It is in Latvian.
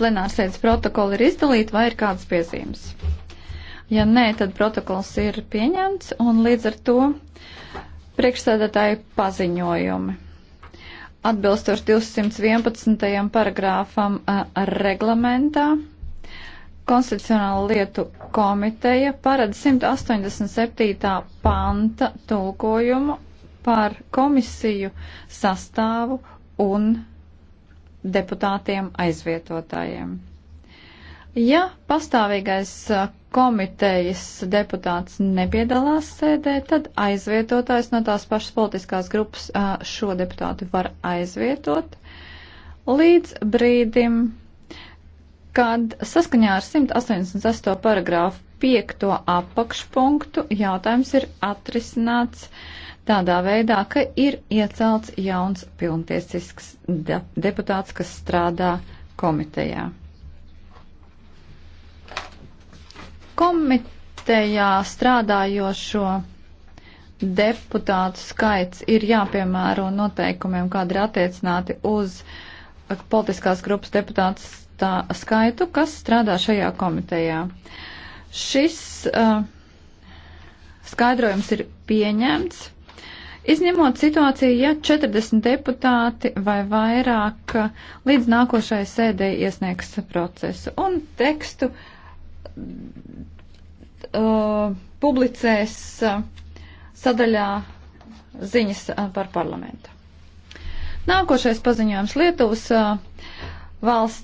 plenārsēdes protokoli ir izdalīti vai ir kādas piezīmes. Ja nē, tad protokols ir pieņemts un līdz ar to priekšsēdētāji paziņojumi. Atbilstoši 211. paragrāfam reglamentā Konstitucionāla lietu komiteja parada 187. panta tulkojumu par komisiju sastāvu un deputātiem aizvietotājiem. Ja pastāvīgais komitejas deputāts nepiedalās sēdē, tad aizvietotājs no tās pašas politiskās grupas šo deputātu var aizvietot līdz brīdim, kad saskaņā ar 188. paragrāfu piekto apakšpunktu jautājums ir atrisināts tādā veidā, ka ir iecelts jauns pilntiesisks de deputāts, kas strādā komitejā. Komitejā strādājošo deputātu skaits ir jāpiemēro noteikumiem, kādi ir attiecināti uz politiskās grupas deputātu skaitu, kas strādā šajā komitejā. Uh, Šis uh, skaidrojums ir pieņemts. Izņemot situāciju, ja 40 deputāti vai vairāk uh, līdz nākošajai sēdē iesniegs procesu un tekstu uh, publicēs uh, sadaļā ziņas uh, par parlamentu. Nākošais paziņojums Lietuvas uh, valsts.